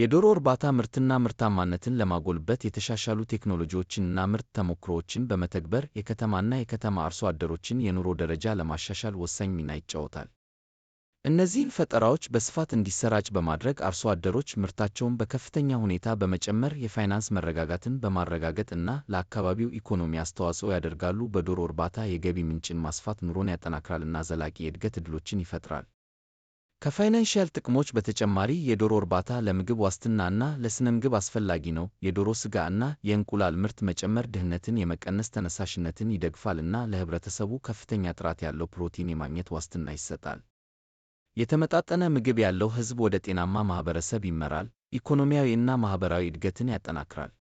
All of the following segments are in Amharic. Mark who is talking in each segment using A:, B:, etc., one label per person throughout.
A: የዶሮ እርባታ ምርትና ምርታማነትን ለማጎልበት የተሻሻሉ ቴክኖሎጂዎችንና ምርት ተሞክሮዎችን በመተግበር የከተማና የከተማ አርሶ አደሮችን የኑሮ ደረጃ ለማሻሻል ወሳኝ ሚና ይጫወታል። እነዚህን ፈጠራዎች በስፋት እንዲሰራጭ በማድረግ አርሶ አደሮች ምርታቸውን በከፍተኛ ሁኔታ በመጨመር የፋይናንስ መረጋጋትን በማረጋገጥ እና ለአካባቢው ኢኮኖሚ አስተዋጽኦ ያደርጋሉ። በዶሮ እርባታ የገቢ ምንጭን ማስፋት ኑሮን ያጠናክራልና ዘላቂ የእድገት ዕድሎችን ይፈጥራል። ከፋይናንሻል ጥቅሞች በተጨማሪ የዶሮ እርባታ ለምግብ ዋስትናና ለሥነ-ምግብ አስፈላጊ ነው። የዶሮ ሥጋ እና የእንቁላል ምርት መጨመር ድህነትን የመቀነስ ተነሳሽነትን ይደግፋልና ለህብረተሰቡ ከፍተኛ ጥራት ያለው ፕሮቲን የማግኘት ዋስትና ይሰጣል። የተመጣጠነ ምግብ ያለው ሕዝብ ወደ ጤናማ ማኅበረሰብ ይመራል፣ ኢኮኖሚያዊ እና ማኅበራዊ እድገትን ያጠናክራል።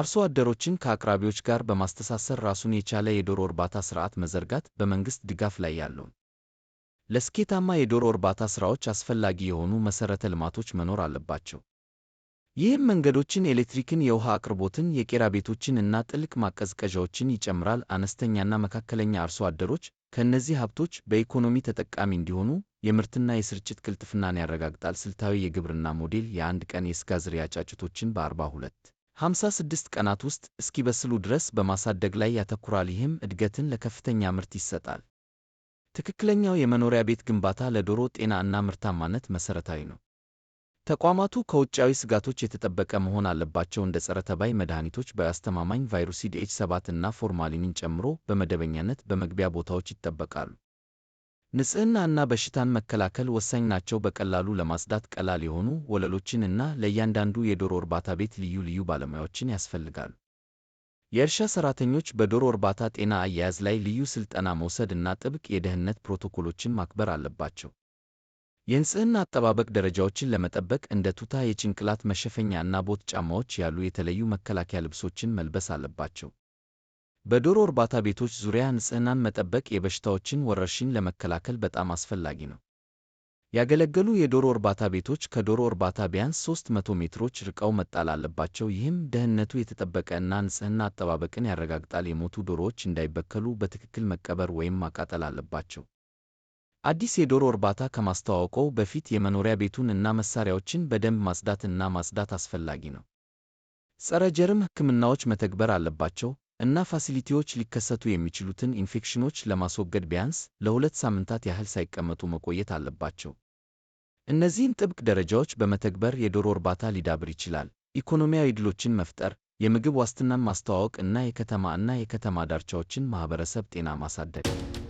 A: አርሶ አደሮችን ከአቅራቢዎች ጋር በማስተሳሰር ራሱን የቻለ የዶሮ እርባታ ሥርዓት መዘርጋት በመንግሥት ድጋፍ ላይ ያለውን ለስኬታማ የዶሮ እርባታ ሥራዎች አስፈላጊ የሆኑ መሠረተ ልማቶች መኖር አለባቸው። ይህም መንገዶችን፣ ኤሌክትሪክን፣ የውሃ አቅርቦትን፣ የቄራ ቤቶችን እና ጥልቅ ማቀዝቀዣዎችን ይጨምራል። አነስተኛና መካከለኛ አርሶ አደሮች ከእነዚህ ሀብቶች በኢኮኖሚ ተጠቃሚ እንዲሆኑ የምርትና የስርጭት ቅልጥፍናን ያረጋግጣል። ስልታዊ የግብርና ሞዴል የአንድ ቀን የስጋ ዝርያ ጫጭቶችን በ42 56 ቀናት ውስጥ እስኪበስሉ ድረስ በማሳደግ ላይ ያተኩራል። ይህም እድገትን ለከፍተኛ ምርት ይሰጣል። ትክክለኛው የመኖሪያ ቤት ግንባታ ለዶሮ ጤና እና ምርታማነት መሠረታዊ ነው። ተቋማቱ ከውጫዊ ስጋቶች የተጠበቀ መሆን አለባቸው፣ እንደ ጸረ ተባይ መድኃኒቶች፣ በአስተማማኝ ቫይሩስ ኤች 7 እና ፎርማሊንን ጨምሮ በመደበኛነት በመግቢያ ቦታዎች ይጠበቃሉ። ንጽህና እና በሽታን መከላከል ወሳኝ ናቸው። በቀላሉ ለማጽዳት ቀላል የሆኑ ወለሎችን እና ለእያንዳንዱ የዶሮ እርባታ ቤት ልዩ ልዩ ባለሙያዎችን ያስፈልጋሉ። የእርሻ ሠራተኞች በዶሮ እርባታ ጤና አያያዝ ላይ ልዩ ሥልጠና መውሰድ እና ጥብቅ የደህንነት ፕሮቶኮሎችን ማክበር አለባቸው። የንጽህና አጠባበቅ ደረጃዎችን ለመጠበቅ እንደ ቱታ የጭንቅላት መሸፈኛ እና ቦት ጫማዎች ያሉ የተለዩ መከላከያ ልብሶችን መልበስ አለባቸው። በዶሮ እርባታ ቤቶች ዙሪያ ንጽህናን መጠበቅ የበሽታዎችን ወረርሽኝ ለመከላከል በጣም አስፈላጊ ነው። ያገለገሉ የዶሮ እርባታ ቤቶች ከዶሮ እርባታ ቢያንስ 300 ሜትሮች ርቀው መጣል አለባቸው፣ ይህም ደህንነቱ የተጠበቀ እና ንጽህና አጠባበቅን ያረጋግጣል። የሞቱ ዶሮዎች እንዳይበከሉ በትክክል መቀበር ወይም ማቃጠል አለባቸው። አዲስ የዶሮ እርባታ ከማስተዋወቀው በፊት የመኖሪያ ቤቱን እና መሳሪያዎችን በደንብ ማጽዳት እና ማጽዳት አስፈላጊ ነው። ጸረ ጀርም ሕክምናዎች መተግበር አለባቸው። እና ፋሲሊቲዎች ሊከሰቱ የሚችሉትን ኢንፌክሽኖች ለማስወገድ ቢያንስ ለሁለት ሳምንታት ያህል ሳይቀመጡ መቆየት አለባቸው። እነዚህን ጥብቅ ደረጃዎች በመተግበር የዶሮ እርባታ ሊዳብር ይችላል። ኢኮኖሚያዊ ድሎችን መፍጠር፣ የምግብ ዋስትናን ማስተዋወቅ እና የከተማ እና የከተማ ዳርቻዎችን ማኅበረሰብ ጤና ማሳደግ